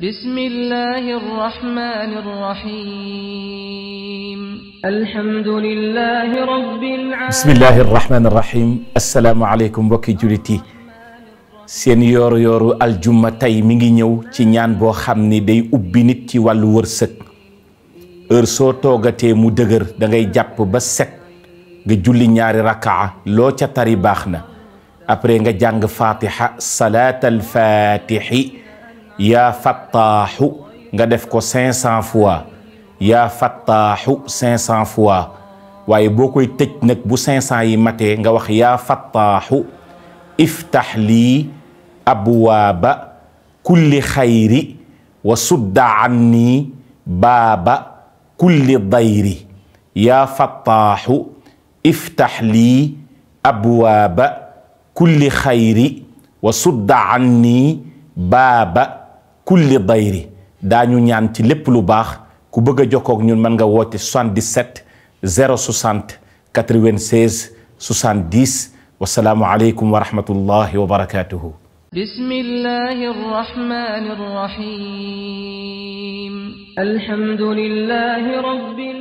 بسم الله الرحمن الرحيم الحمد لله رب العالمين بسم الله الرحمن الرحيم السلام عليكم mbokki jullit yi seen yooru yooru tey mi ngi ñëw ci ñaan boo xam ni day ubbi nit ci wàllu wërsëg heure soo toogatee mu dëgër dangay jàpp ba set nga julli ñaari rakaa loo ca tari baax na après nga jàng fatiha salaatal faatihi yaa fattaaxu nga def ko cinq cent fois yaa fattaaxu cinq cent fois waaye boo koy tëj nag bu cinq cent yi matee nga wax yaa fattaaxu iftax lii abwaaba wa sudda anni baaba kulli iftax lii abwaaba kulli xayri wa sudda anni baaba kulli dayri daañu ñaan ci lépp lu baax ku bëgg a jokkook ñun mën nga woote 77 060 96 70 wasalaamu aleykum wa rahmatullahi wa barakatuhu bismillahi rahmani rahim alhamdulillahi rabbil